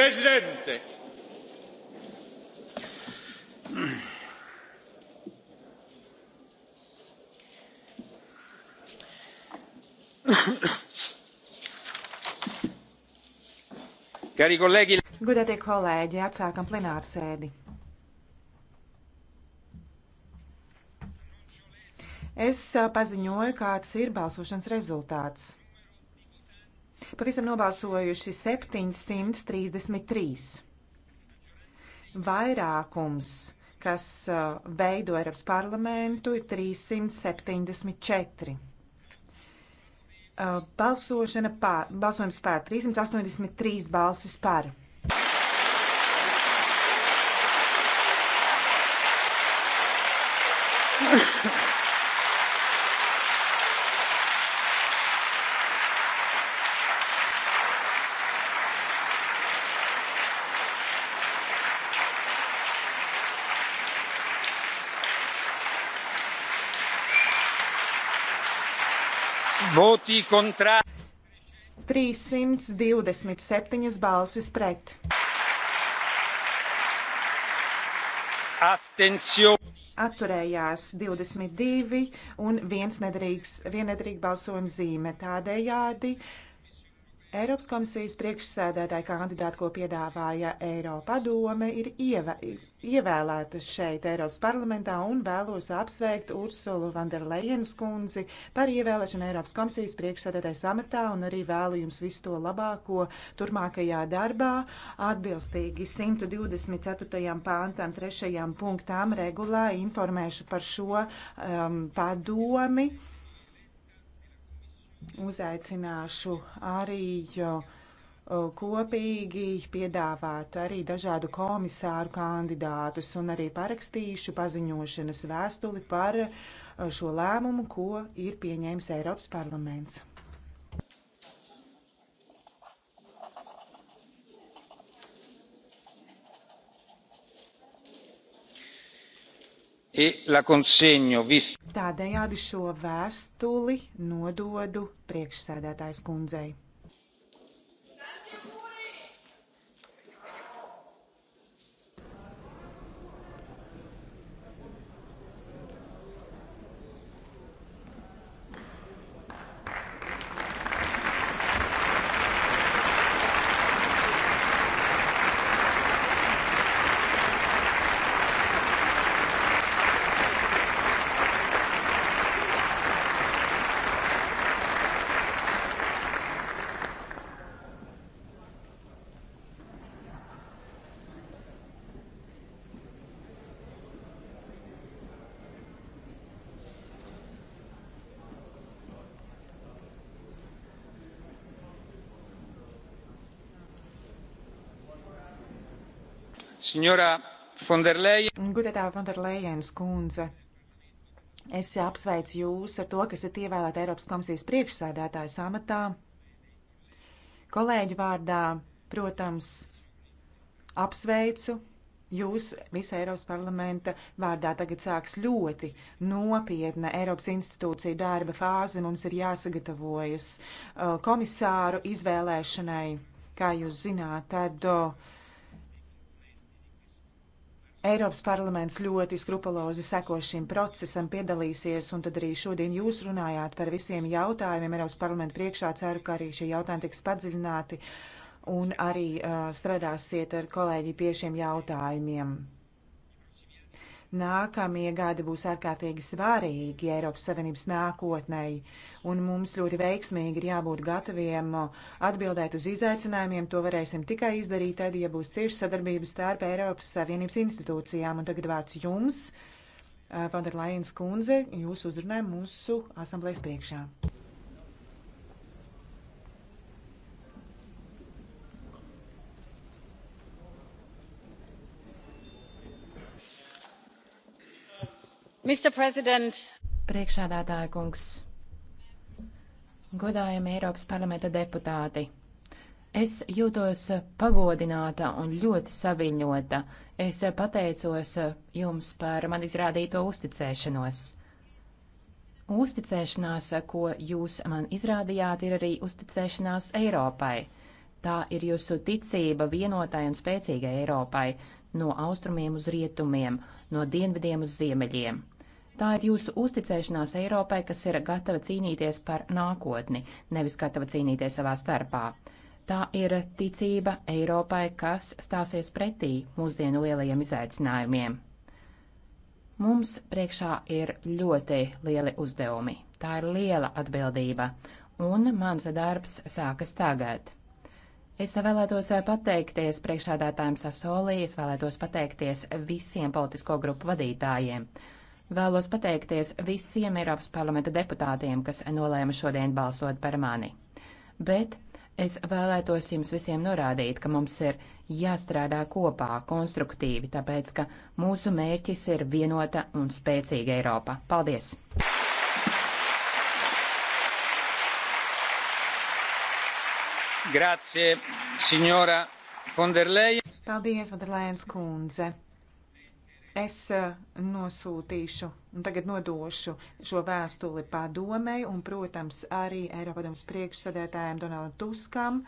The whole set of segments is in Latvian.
presidente cari colleghi godātie kolēģi atsākam plenārsēdi es paziņoju kāds ir balsošanas rezultāts Pavisam nobalsojuši 733. Vairākums, kas uh, veido Eiropas parlamentu, ir 374. Uh, balsošana pār, balsojums pār 383 balsis pār. voti kontrā. 327 balsis pret. Astencio. Atturējās 22 un viens nedarīgs, viennedarīga balsojuma zīme. Tādējādi Eiropas komisijas priekšsēdētāja kandidāta, ko piedāvāja Eiropa padome, ir ieva, ievēlētas šeit Eiropas parlamentā un vēlos apsveikt Ursulu Vanderlejenas kundzi par ievēlēšanu Eiropas komisijas priekšsēdētājas amatā un arī vēlu jums visu to labāko turmākajā darbā atbilstīgi 124. pāntam, 3. punktām regulā informēšu par šo um, padomi. Uzaicināšu arī uh, Uh, kopīgi piedāvāt arī dažādu komisāru kandidātus un arī parakstīšu paziņošanas vēstuli par uh, šo lēmumu, ko ir pieņēmis Eiropas parlaments. E Tādējādi šo vēstuli nododu priekšsēdētājs kundzei. Gudētā Fonderlejens kundze, es apsveicu jūs ar to, ka esat ievēlēta Eiropas komisijas priekšsēdētājas amatā. Kolēģu vārdā, protams, apsveicu Jūs visa Eiropas parlamenta vārdā tagad sāks ļoti nopietna Eiropas institūcija darba fāze. Mums ir jāsagatavojas uh, komisāru izvēlēšanai, kā jūs zināt, tad uh, Eiropas parlaments ļoti skrupulozi seko šim procesam, piedalīsies, un tad arī šodien jūs runājāt par visiem jautājumiem Eiropas parlamenta priekšā. Ceru, ka arī šie jautājumi tiks padziļināti un arī uh, strādāsiet ar kolēģi pie šiem jautājumiem. Nākamie gadi būs ārkārtīgi svarīgi Eiropas Savienības nākotnei, un mums ļoti veiksmīgi ir jābūt gataviem atbildēt uz izaicinājumiem. To varēsim tikai izdarīt tad, ja būs cieša sadarbības starp Eiropas Savienības institūcijām. Un tagad vārds jums, Vanderlajens eh, kundze, jūs uzrunājat mūsu asamblējas priekšā. Priekšādātāja kungs, godājami Eiropas parlamenta deputāti. Es jūtos pagodināta un ļoti saviņota. Es pateicos jums par man izrādīto uzticēšanos. Uzticēšanās, ko jūs man izrādījāt, ir arī uzticēšanās Eiropai. Tā ir jūsu ticība vienotai un spēcīgai Eiropai, no austrumiem uz rietumiem, no dienvidiem uz ziemeļiem. Tā ir jūsu uzticēšanās Eiropai, kas ir gatava cīnīties par nākotni, nevis gatava cīnīties savā starpā. Tā ir ticība Eiropai, kas stāsies pretī mūsdienu lielajiem izaicinājumiem. Mums priekšā ir ļoti lieli uzdevumi. Tā ir liela atbildība, un mans darbs sākas tagad. Es vēlētos pateikties priekšādātājiem Sasolī, es vēlētos pateikties visiem politisko grupu vadītājiem. Vēlos pateikties visiem Eiropas parlamenta deputātiem, kas nolēma šodien balsot par mani. Bet es vēlētos jums visiem norādīt, ka mums ir jāstrādā kopā, konstruktīvi, tāpēc ka mūsu mērķis ir vienota un spēcīga Eiropa. Paldies! Grazie, signora von der Leyen. Paldies, Vanderlējens kundze. Es eh, nosūtīšu un tagad nodošu šo vēstuli padomei un, protams, arī Eiropadomas priekšsadētājiem Donaldam Tuskam,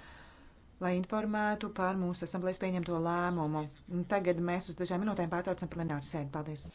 lai informētu par mūsu asamblēs pieņemto lēmumu. Un tagad mēs uz dažām minūtēm pārtraucam plenāru sēdi. Paldies!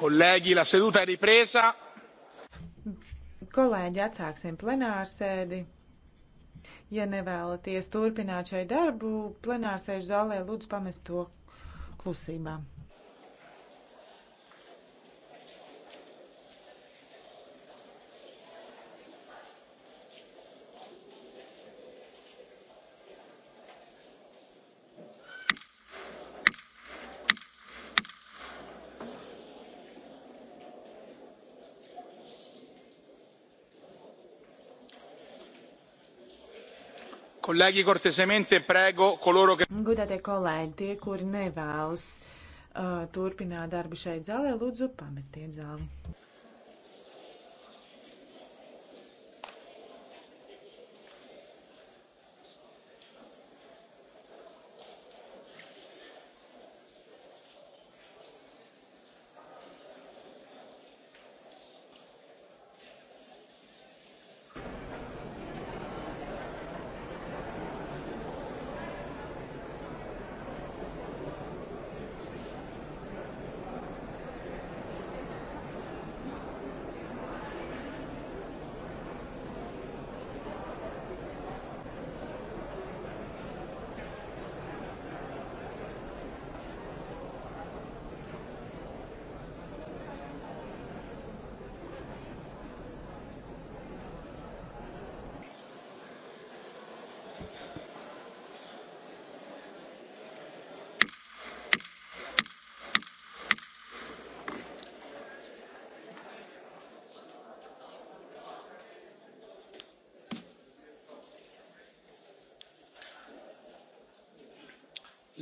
Kolēģi, la seduta ripresa. Kolēģi, atsāksim plenārsēdi. Ja nevēlaties turpināt šai darbu, plenārsēžu zālē lūdzu pamest to klusībā. Kolēģi, kortesemente prego koloro, ka... Godātie kolēģi, tie, kuri nevēlas uh, turpināt darbu šeit zālē, lūdzu pametiet zāli.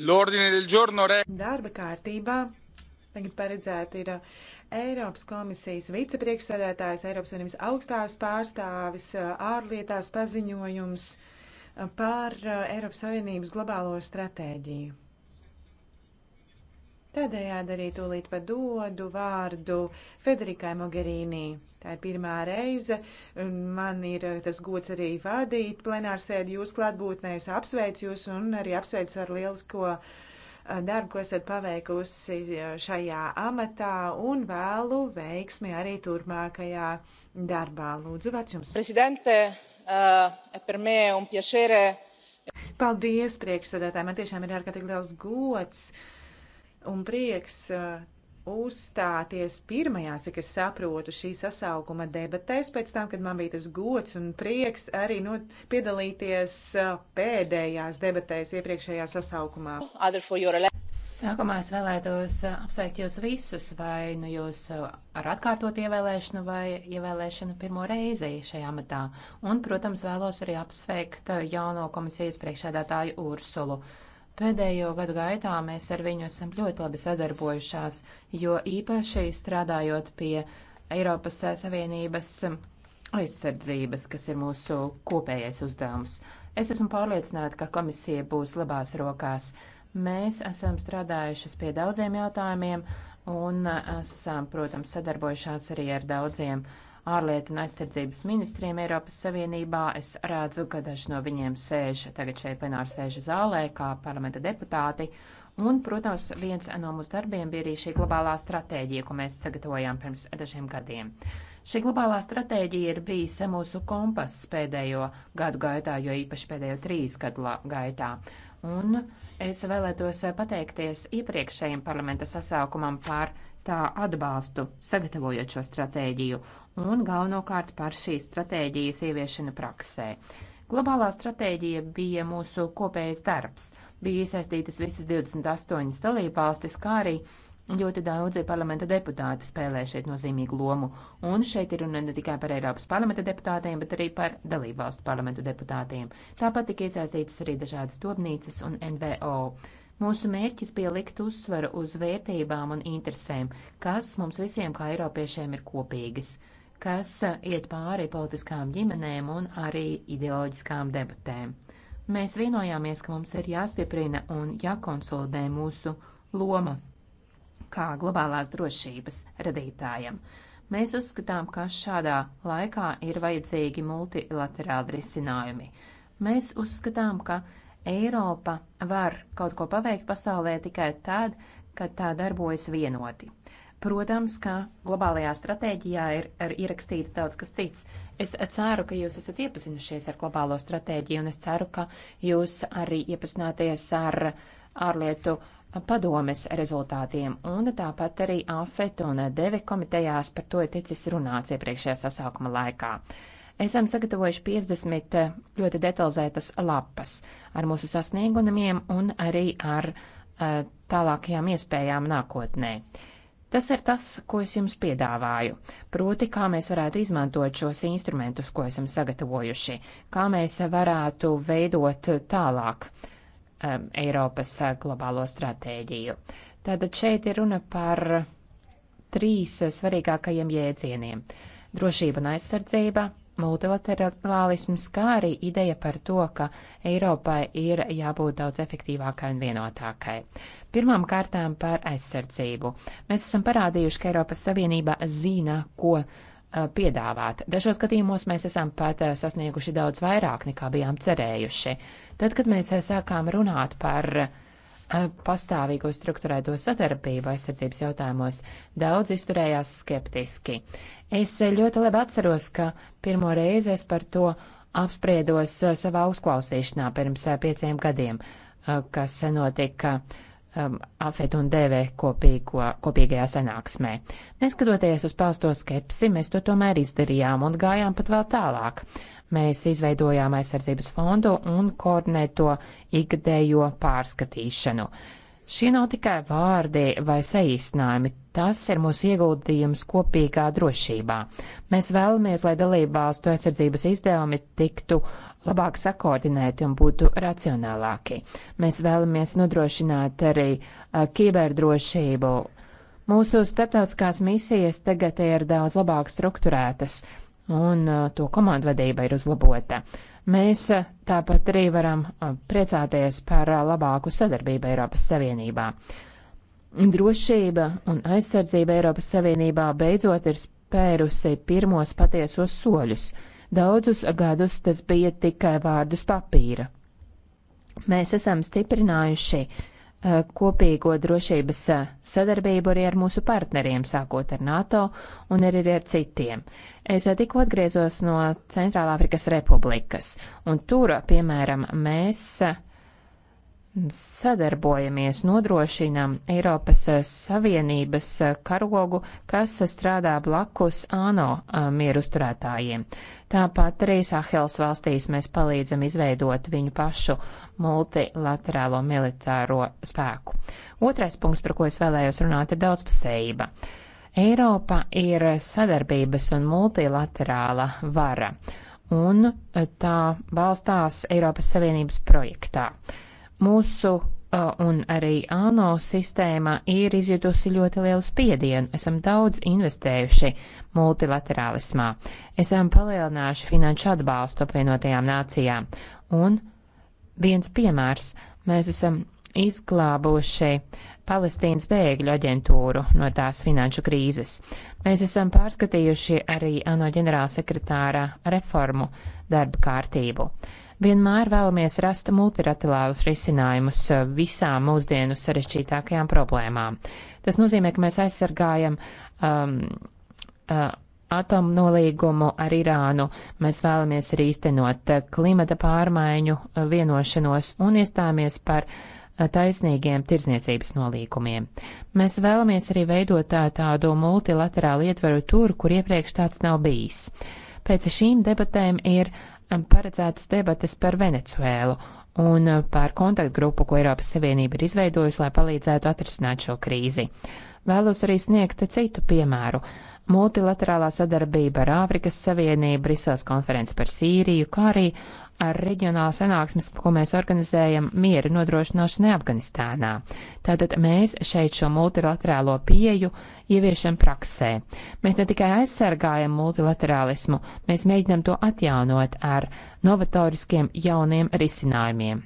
L'ordine del giorno re. Darba kārtībā tagad paredzēta ir uh, Eiropas komisijas vicepriekšsēdētājs, Eiropas Savienības augstās pārstāvis, uh, ārlietās paziņojums uh, par Eiropas Savienības globālo stratēģiju. Tādējādi arī tūlīt pat dodu vārdu Federikai Mogherīnī. Tā ir pirmā reize. Man ir eh, tas gods arī vadīt plenārsēdi jūs klātbūtnē. Es apsveicu jūs un arī apsveicu ar lielisko eh, darbu, ko esat paveikusi eh, šajā amatā un vēlu veiksmi arī turpmākajā darbā. Lūdzu, vārds jums. Presidente, uh, per me un piacere. Paldies, priekšsēdētāji. Man tiešām ir ārkārtīgi liels gods. Uh, un prieks uh, uzstāties pirmajās, cik es saprotu, šī sasaukuma debatēs, pēc tam, kad man bija tas gods un prieks arī no, piedalīties uh, pēdējās debatēs iepriekšējā sasaukumā. Sākumā es vēlētos uh, apsveikt jūs visus, vai nu jūs ar atkārtot ievēlēšanu vai ievēlēšanu pirmo reizi šajā matā. Un, protams, vēlos arī apsveikt jauno komisijas priekšēdātāju Ursulu. Pēdējo gadu gaitā mēs ar viņu esam ļoti labi sadarbojušās, jo īpaši strādājot pie Eiropas Savienības aizsardzības, kas ir mūsu kopējais uzdevums. Es esmu pārliecināta, ka komisija būs labās rokās. Mēs esam strādājušas pie daudziem jautājumiem un esam, protams, sadarbojušās arī ar daudziem uh, ārlietu un aizsardzības ministriem Eiropas Savienībā. Es redzu, ka daži no viņiem sēž tagad šeit plenāru sēžu zālē kā parlamenta deputāti. Un, protams, viens no mūsu darbiem bija arī šī globālā stratēģija, ko mēs sagatavojām pirms dažiem gadiem. Šī globālā stratēģija ir bijis mūsu kompass pēdējo gadu gaitā, jo īpaši pēdējo trīs gadu gaitā. Un es vēlētos pateikties iepriekšējiem parlamenta sasaukumam par tā atbalstu, sagatavojot šo stratēģiju, un galvenokārt par šīs stratēģijas ieviešanu praksē. Globālā stratēģija bija mūsu kopējais darbs. Bija iesaistītas visas 28 dalībvalstis, kā arī ļoti daudzi parlamenta deputāti spēlē šeit nozīmīgu lomu. Un šeit ir runa ne tikai par Eiropas parlamenta deputātiem, bet arī par dalībvalstu parlamentu deputātiem. Tāpat tika iesaistītas arī dažādas dobnīcas un NVO. Mūsu mērķis bija likt uzsvaru uz vērtībām un interesēm, kas mums visiem kā Eiropiešiem ir kopīgas kas iet pāri politiskām ģimenēm un arī ideoloģiskām debatēm. Mēs vienojāmies, ka mums ir jāstiprina un jākonsolidē mūsu loma kā globālās drošības radītājam. Mēs uzskatām, ka šādā laikā ir vajadzīgi multilaterāli risinājumi. Mēs uzskatām, ka Eiropa var kaut ko paveikt pasaulē tikai tad, kad tā darbojas vienoti. Protams, ka globālajā stratēģijā ir, ir ierakstīts daudz kas cits. Es ceru, ka jūs esat iepazinušies ar globālo stratēģiju, un es ceru, ka jūs arī iepazināties ar ārlietu padomes rezultātiem, un tāpat arī AFET un DEVE komitejās par to ir ticis runāts iepriekšējā sasaukuma laikā. Esam sagatavojuši 50 ļoti detalizētas lapas ar mūsu sasniegumiem un arī ar uh, tālākajām iespējām nākotnē. Uh, Tas ir tas, ko es jums piedāvāju, proti, kā mēs varētu izmantot šos instrumentus, ko esam sagatavojuši, kā mēs varētu veidot tālāk um, Eiropas uh, globālo stratēģiju. Tātad šeit ir runa par trīs uh, svarīgākajiem jēdzieniem - drošība un aizsardzība, multilaterālisms, kā arī ideja par to, ka Eiropai ir jābūt daudz efektīvākai un vienotākai. Pirmām kārtām par aizsardzību. Mēs esam parādījuši, ka Eiropas Savienība zina, ko uh, piedāvāt. Dažos gadījumos mēs esam pat uh, sasnieguši daudz vairāk, nekā bijām cerējuši. Tad, kad mēs uh, sākām runāt par uh, Eh, pastāvīgo struktūrēto sadarbību aizsardzības jautājumos, daudz izturējās skeptiski. Es eh, ļoti labi atceros, ka pirmo reizi es par to apspriedos eh, savā uzklausīšanā pirms pieciem gadiem, kas notika AFET un DV kopīgo, kopīgajā sanāksmē. Neskatoties uz pausto skepsi, mēs to tomēr izdarījām un gājām pat vēl tālāk. Mēs izveidojām aizsardzības fondu un koordinēto ikgadējo pārskatīšanu. Šie nav tikai vārdi vai saīsinājumi, tas ir mūsu ieguldījums kopīgā drošībā. Mēs vēlamies, lai dalībvalstu aizsardzības izdevumi tiktu labāk sakoordinēti un būtu racionālāki. Mēs vēlamies nodrošināt arī uh, kiberdrošību. Mūsu starptautiskās misijas tagad ir daudz labāk strukturētas, un uh, to komandu vadība ir uzlabota. Mēs uh, tāpat arī varam uh, priecāties par labāku sadarbību Eiropas Savienībā. Drošība un aizsardzība Eiropas Savienībā beidzot ir spērusi pirmos patiesos soļus. Daudzus gadus tas bija tikai vārdus papīra. Mēs esam stiprinājuši uh, Eh, kopīgo drošības eh, sadarbību arī ar mūsu partneriem, sākot ar NATO un arī ar citiem. Es eh, tikko atgriezos no Centrālāfrikas Republikas, un tur, piemēram, mēs sadarbojamies, nodrošinām Eiropas eh, Savienības eh, karogu, kas eh, strādā blakus ANO mieru uzturētājiem. Tāpat arī Sahels valstīs mēs palīdzam izveidot viņu pašu multilaterālo militāro spēku. Otrais punkts, par ko es vēlējos runāt, ir daudzpusējība. Eiropa ir sadarbības un multilaterāla vara, un tā balstās Eiropas Savienības projektā. Uh, Mūsu uh, un arī ANO sistēma ir izjutusi ļoti lielu spiedienu. Esam daudz investējuši multilaterālismā, esam palielinājuši finanšu atbalstu apvienotajām nācijām. Un viens piemērs - mēs esam izglābuši Palestīnas bēgļu aģentūru no tās finanšu krīzes. Mēs esam pārskatījuši arī ANO ģenerālsekretāra reformu darba kārtību. Vienmēr vēlamies rast multilaterālus risinājumus eh, visām mūsdienu sarežģītākajām problēmām. Tas nozīmē, ka mēs aizsargājam um, uh, atomnolīgumu ar Irānu, mēs vēlamies arī īstenot eh, klimata pārmaiņu vienošanos un iestāmies par taisnīgiem tirdzniecības nolīkumiem. Mēs vēlamies arī veidot tā, tādu multilaterālu ietveru tur, kur iepriekš tāds nav bijis. Pēc šīm debatēm ir Um, paredzētas debates par Venecuēlu un uh, par kontaktgrupu, ko Eiropas Savienība ir izveidojusi, lai palīdzētu atrisināt šo krīzi. Vēlos arī sniegt citu piemēru multilaterālā sadarbība ar Āfrikas Savienību, Briseles konferences par Sīriju, kā arī ar reģionālu sanāksmes, ko mēs organizējam miera nodrošināšanai Afganistānā. Tātad mēs šeit šo multilaterālo pieju ieviešam praksē. Mēs ne tikai aizsargājam multilaterālismu, mēs mēģinam to atjaunot ar novatoriskiem jauniem risinājumiem.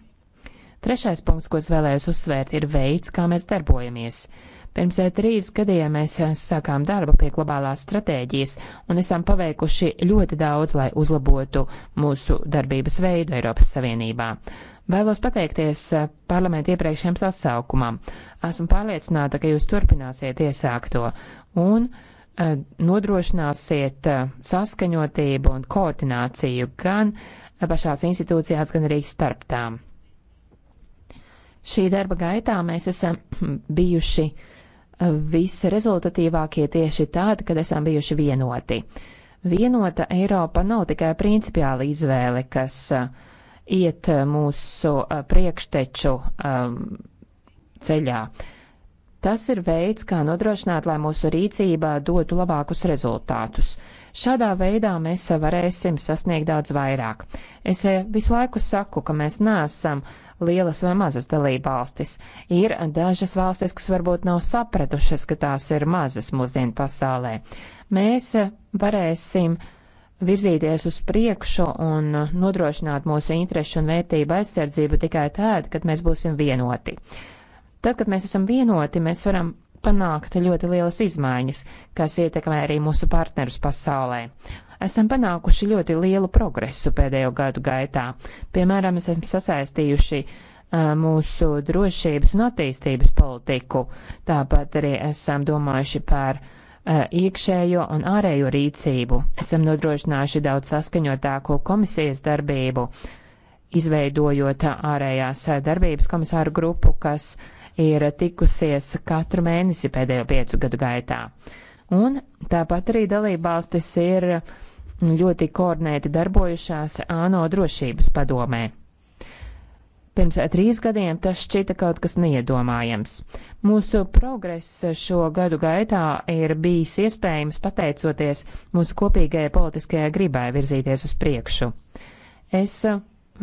Trešais punkts, ko es vēlējos uzsvērt, ir veids, kā mēs darbojamies. Pirms eh, trīs gadiem mēs eh, sākām darbu pie globālās stratēģijas un esam paveikuši ļoti daudz, lai uzlabotu mūsu darbības veidu Eiropas Savienībā. Vēlos pateikties eh, parlamentu iepriekšējiem sasaukumam. Esmu pārliecināta, ka jūs turpināsiet iesākto un nodrošināsiet saskaņotību un koordināciju gan pašās institūcijās, gan arī starp tām. Šī darba gaitā mēs esam bijuši uh, visrezultatīvākie tieši tādi, kad esam bijuši vienoti. Vienota Eiropa nav tikai principiāla izvēle, kas uh, iet mūsu uh, priekšteču um, ceļā. Tas ir veids, kā nodrošināt, lai mūsu rīcība dotu labākus rezultātus. Šādā veidā mēs varēsim sasniegt daudz vairāk. Es eh, visu laiku saku, ka mēs neesam lielas vai mazas dalībvalstis. Ir dažas valstis, kas varbūt nav sapratušas, ka tās ir mazas mūsdienu pasaulē. Mēs eh, varēsim virzīties uz priekšu un nodrošināt mūsu interešu un vērtību aizsardzību tikai tad, kad mēs būsim vienoti. Tad, kad mēs esam vienoti, mēs varam panākt ļoti lielas izmaiņas, kas ietekmē arī mūsu partnerus pasaulē. Esam panākuši ļoti lielu progresu pēdējo gadu gaitā. Piemēram, mēs esam sasaistījuši mūsu drošības un attīstības politiku. Tāpat arī esam domājuši par uh, iekšējo un ārējo rīcību. Esam nodrošinājuši daudz saskaņotāko komisijas darbību, izveidojot ārējās darbības komisāru grupu, kas uh, ir tikusies katru mēnesi pēdējo piecu gadu gaitā. Un tāpat arī dalībvalstis ir ļoti koordinēti darbojušās ANO drošības padomē. Pirms trīs gadiem tas šķita kaut kas neiedomājams. Mūsu progress šo gadu gaitā ir bijis iespējams pateicoties mūsu kopīgajai politiskajai gribai virzīties uz priekšu. Es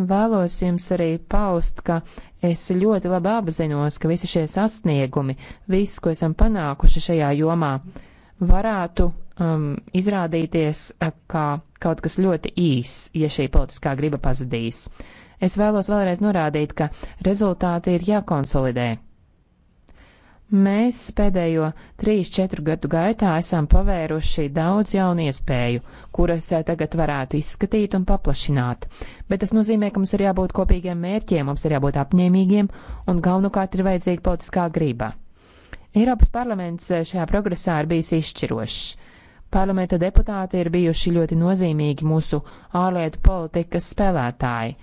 Vēlos jums arī paust, ka es ļoti labi apzinos, ka visi šie sasniegumi, viss, ko esam panākuši šajā jomā, varētu um, izrādīties eh, kā kaut kas ļoti īs, ja šī politiskā griba pazudīs. Es vēlos vēlreiz norādīt, ka rezultāti ir jākonsolidē. Mēs pēdējo 3-4 gadu gaitā esam pavēruši daudz jaunu iespēju, kuras eh, tagad varētu izskatīt un paplašināt. Bet tas nozīmē, ka mums ir jābūt kopīgiem mērķiem, mums ir jābūt apņēmīgiem un galvenokārt ir vajadzīga politiskā grība. Eiropas parlaments eh, šajā progresā ir bijis izšķirošs. Parlamenta deputāti ir bijuši ļoti nozīmīgi mūsu ārlietu politikas spēlētāji.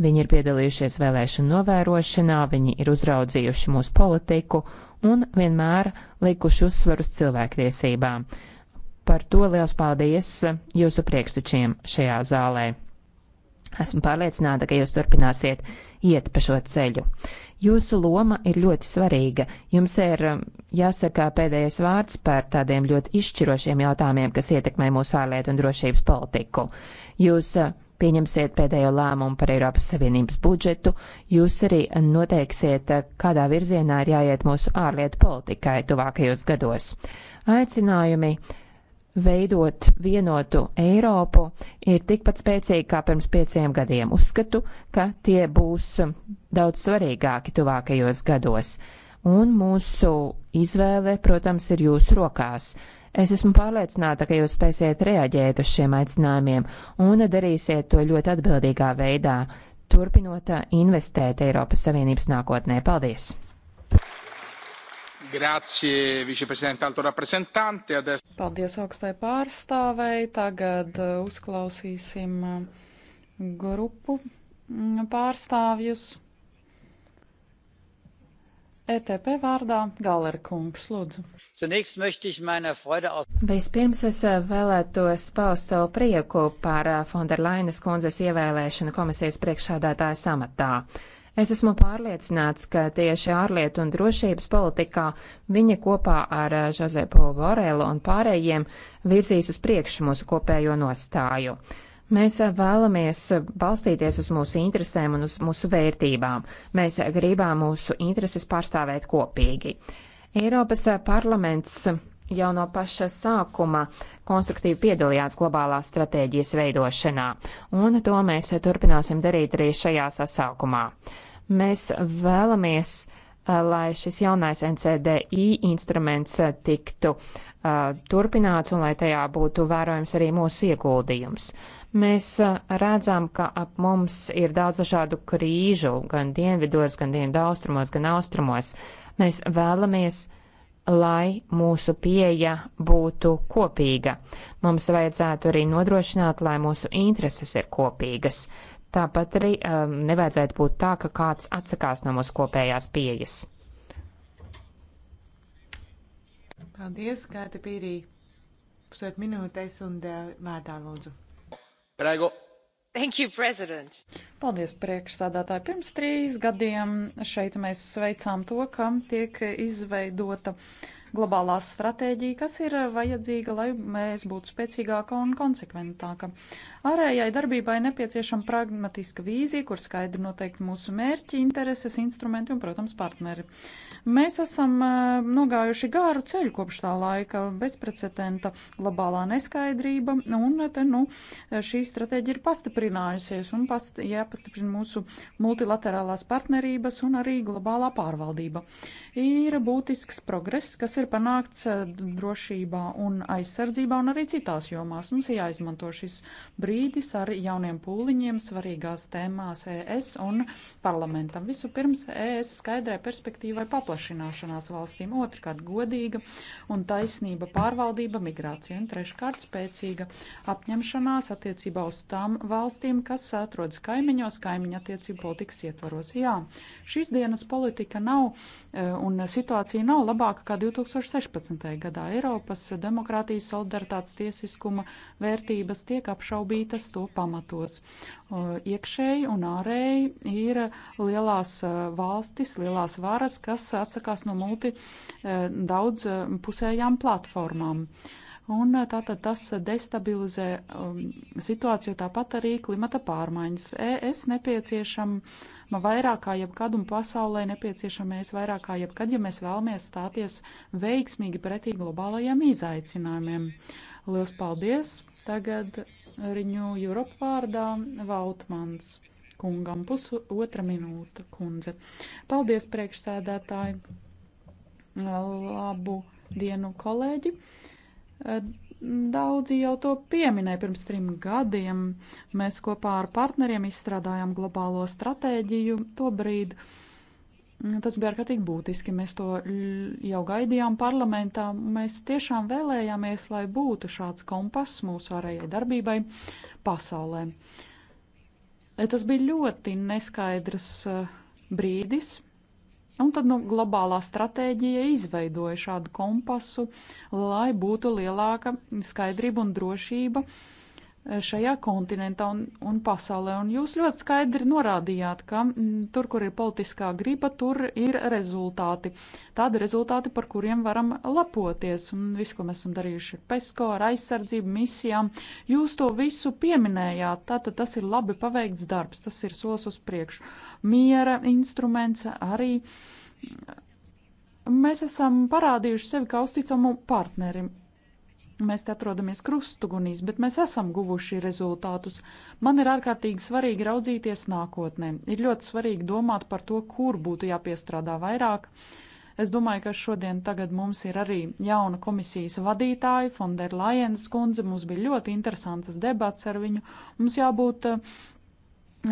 Viņi ir piedalījušies vēlēšanu novērošanā, viņi ir uzraudzījuši mūsu politiku un vienmēr likuši uzsvaru uz cilvēktiesībām. Par to liels paldies jūsu priekštečiem šajā zālē. Esmu pārliecināta, ka jūs turpināsiet iet pa šo ceļu. Jūsu loma ir ļoti svarīga. Jums ir um, jāsaka pēdējais vārds par tādiem ļoti izšķirošiem jautājumiem, kas ietekmē mūsu ārlietu un drošības politiku. Jūs uh, pieņemsiet pēdējo lēmumu par Eiropas Savienības budžetu, jūs arī noteiksiet, kādā virzienā ir jāiet mūsu ārlietu politikai tuvākajos gados. Aicinājumi veidot vienotu Eiropu ir tikpat spēcīgi kā pirms pieciem gadiem. Uzskatu, ka tie būs daudz svarīgāki tuvākajos gados. Un mūsu izvēle, protams, ir jūsu rokās. Es esmu pārliecināta, ka jūs spēsiet reaģēt uz šiem aicinājumiem un darīsiet to ļoti atbildīgā veidā, turpinot investēt Eiropas Savienības nākotnē. Paldies! Grazie, viceprezidente, alto reprezentante. Ades... Paldies augstai pārstāvei. Tagad uh, uzklausīsim uh, grupu mm, pārstāvjus. ETP vārdā Galera kungs, lūdzu. Vispirms es e, vēlētos paust savu prieku par Fonderlainas e, kundzes ievēlēšanu komisijas priekšsādātāja samatā. Es esmu pārliecināts, ka tieši ārlietu un drošības politikā viņa kopā ar Žozepu e, Borelu un pārējiem virzīs uz priekšu mūsu kopējo nostāju. Mēs vēlamies balstīties uz mūsu interesēm un uz mūsu vērtībām. Mēs gribam mūsu intereses pārstāvēt kopīgi. Eiropas parlaments jau no paša sākuma konstruktīvi piedalījās globālās stratēģijas veidošanā, un to mēs turpināsim darīt arī šajā sasaukumā. Mēs vēlamies, eh, lai šis jaunais NCDI instruments eh, tiktu uh, turpināts un lai tajā būtu vērojams arī mūsu ieguldījums. Mēs redzam, ka ap mums ir daudz dažādu krīžu, gan dienvidos, gan dienvidaustrumos, gan austrumos. Mēs vēlamies, lai mūsu pieeja būtu kopīga. Mums vajadzētu arī nodrošināt, lai mūsu intereses ir kopīgas. Tāpat arī um, nevajadzētu būt tā, ka kāds atsakās no mūsu kopējās pieejas. Paldies, Kāta Pīrī. Pusot minūtes un vārdā lūdzu. You, Paldies, priekšsādātāji. Pirms trīs gadiem šeit mēs sveicām to, ka tiek izveidota globālā stratēģija, kas ir vajadzīga, lai mēs būtu spēcīgāka un konsekventāka. Ārējai darbībai nepieciešama pragmatiska vīzija, kur skaidri noteikti mūsu mērķi, intereses, instrumenti un, protams, partneri. Mēs esam e, nogājuši gāru ceļu kopš tā laika, bezprecedenta globālā neskaidrība, un te, nu, šī stratēģija ir pastiprinājusies un past, jāpastiprina mūsu multilaterālās partnerības un arī globālā pārvaldība. Ir būtisks progress, kas ir panākts e, drošībā un aizsardzībā un arī citās jomās. Mums jāizmanto šis brīdis brīdis ar jauniem pūliņiem svarīgās tēmās ES un parlamentam. Vispirms ES skaidrai perspektīvai paplašināšanās valstīm, otrkārt godīga un taisnība pārvaldība migrācija un treškārt spēcīga apņemšanās attiecībā uz tām valstīm, kas atrodas kaimiņos, kaimiņa attiecību politikas ietvaros. Jā, šīs dienas politika nav e, un situācija nav labāka kā 2016. gadā. Eiropas demokrātijas solidaritātes tiesiskuma vērtības tiek apšaubītas balstītas, to pamatos. Iekšēji un ārēji ir lielās valstis, lielās varas, kas atsakās no multi e, daudz e, pusējām platformām. Un e, tātad tas destabilizē um, situāciju, tāpat arī klimata pārmaiņas. ES nepieciešama vairāk kā jebkad un pasaulē nepieciešama mēs vairāk kā jebkad, ja mēs vēlamies stāties veiksmīgi pretī globālajiem izaicinājumiem. Lielas paldies! Tagad Riņu Europa vārdā Vautmans kungam pusotra minūte kundze. Paldies priekšsēdētāji. Labu dienu kolēģi. Daudzi jau to pieminēja pirms trim gadiem. Mēs kopā ar partneriem izstrādājām globālo stratēģiju. Tobrīd uh, Tas bija ārkārtīgi būtiski. Mēs to jau gaidījām parlamentā. Mēs tiešām vēlējāmies, lai būtu šāds kompass mūsu ārējai darbībai pasaulē. E, tas bija ļoti neskaidrs e, brīdis, un tad nu, globālā stratēģija izveidoja šādu kompasu, lai būtu lielāka skaidrība un drošība uh, šajā kontinentā un, un pasaulē. Un jūs ļoti skaidri norādījāt, ka m, mm, tur, kur ir politiskā griba, tur ir rezultāti. Tādi rezultāti, par kuriem varam lepoties. Un viss, ko mēs esam darījuši ar PESCO, ar aizsardzību, misijām, jūs to visu pieminējāt. Tātad tas ir labi paveikts darbs, tas ir sos uz priekšu. Miera instruments arī. Mēs esam parādījuši sevi kā uzticamu partneri Mēs te atrodamies krustugunīs, bet mēs esam guvuši rezultātus. Man ir ārkārtīgi svarīgi raudzīties nākotnē. Ir ļoti svarīgi domāt par to, kur būtu jāpiestrādā vairāk. Es domāju, ka šodien tagad mums ir arī jauna komisijas vadītāja, Fondera Lajens kundze. Mums bija ļoti interesantas debats ar viņu. Mums jābūt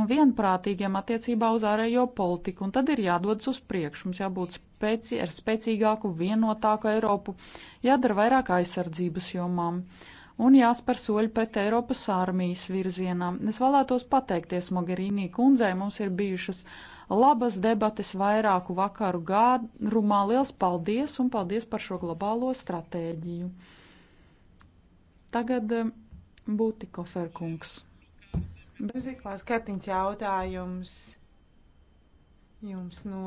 vienprātīgiem attiecībā uz ārējo politiku, un tad ir jādodas uz priekšu. Mums jābūt spēci, ar spēcīgāku, vienotāku Eiropu, jādara vairāk aizsardzības jomām un jāspēr soļi pret Eiropas armijas virzienā. Es vēlētos pateikties Mogherīnī kundzei, mums ir bijušas labas debates vairāku vakaru gārumā. Liels paldies un paldies par šo globālo stratēģiju. Tagad eh, būtu Koferkungs. Beziklās kartiņas jautājums jums no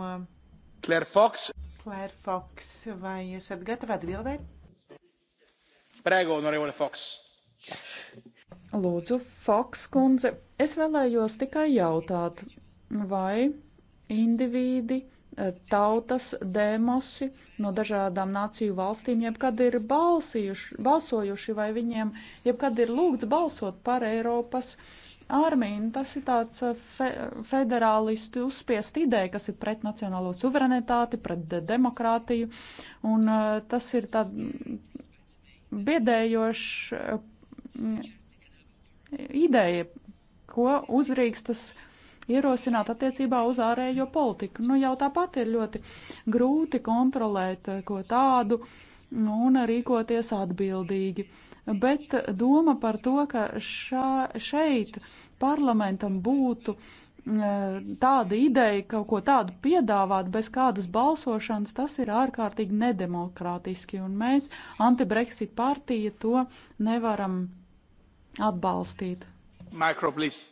Claire Fox. Claire Fox, vai esat gatavi atbildēt? Prego, Norevole Fox. Lūdzu, Foks kundze, es vēlējos tikai jautāt, vai indivīdi, eh, tautas, demosi no dažādām nāciju valstīm jebkad ir balsījuši, balsojuši vai viņiem jebkad ir lūgts balsot par Eiropas uh, armiju. Nu, tas ir tāds uh, fe federālistu uzspiest ideja, kas ir pret nacionālo suverenitāti, pret demokrātiju, un uh, tas ir tād mm, biedējošs uh, mm, ideja, ko uzrīkstas ierosināt attiecībā uz ārējo politiku. Nu, jau tāpat ir ļoti grūti kontrolēt ko tādu, uh, Nu, un rīkoties atbildīgi. Bet doma par to, ka šā, šeit parlamentam būtu e, tāda ideja kaut ko tādu piedāvāt bez kādas balsošanas, tas ir ārkārtīgi nedemokrātiski, un mēs anti-Brexit partija to nevaram atbalstīt. Micro, please.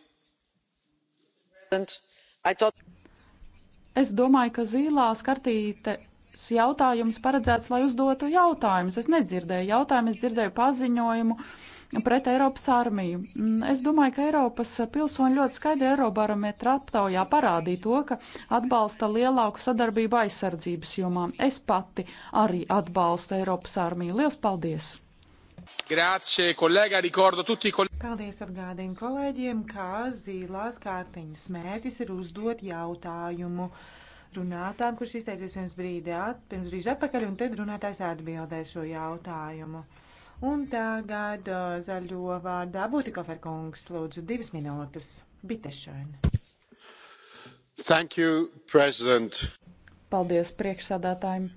Es domāju, ka zilā skartīte jautājums paredzēts, lai uzdotu jautājumus. Es nedzirdēju jautājumu, es dzirdēju paziņojumu pret Eiropas armiju. Mm, es domāju, ka Eiropas pilsoņi ļoti skaidri Eirobarometra aptaujā parādīja to, ka atbalsta lielāku sadarbību aizsardzības jomā. Es pati arī atbalstu Eiropas armiju. Lielas paldies! Grazie, kolēga, ricordo tutti kolēģi. Paldies atgādīju kolēģiem, kā zilās kārtiņas mērķis ir uzdot jautājumu runātājiem, kurš izteicies pirms brīdī, pirms brīža atpakaļ, un tad runātājs atbildē šo jautājumu. Un tagad uh, zaļo vārdā Būtikoferkungs, lūdzu, divas minūtes. Bitešana. Thank you, President. Paldies priekšsādātājiem.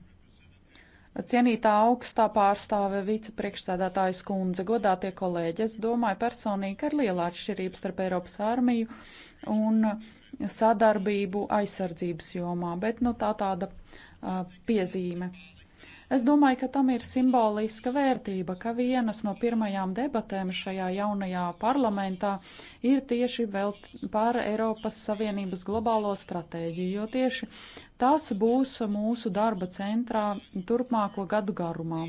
Cienītā augstā pārstāve vicepriekšsēdētāja skundze, godātie kolēģi, es domāju personīgi, ka ir liela atšķirība starp Eiropas armiju un uh, sadarbību aizsardzības jomā, bet nu, tā tāda uh, piezīme. Es domāju, ka tam ir simboliska vērtība, ka vienas no pirmajām debatēm šajā jaunajā parlamentā ir tieši vēl par Eiropas Savienības globālo stratēģiju, jo tieši tas būs mūsu darba centrā turpmāko gadu garumā.